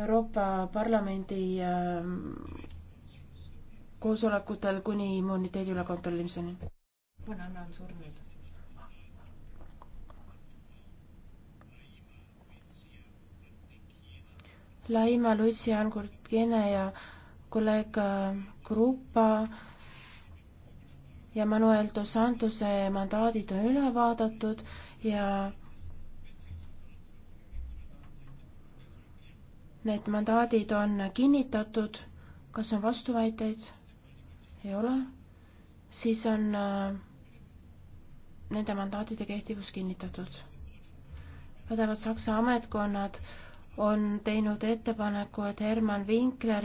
Euroopa Parlamendi ähm, koosolekutel kuni immuniteedi üle kontrollimiseni. banana on surnud. Laima, Lutsi, Angurt, Kene ja kolleeg Grupa äh, ja Manuel Dos Santose mandaadid on üle vaadatud ja Need mandaadid on kinnitatud. kas on vastuväiteid? ei ole. siis on äh, nende mandaatide kehtivus kinnitatud. pädevad Saksa ametkonnad on teinud ettepaneku, et Herman Winkler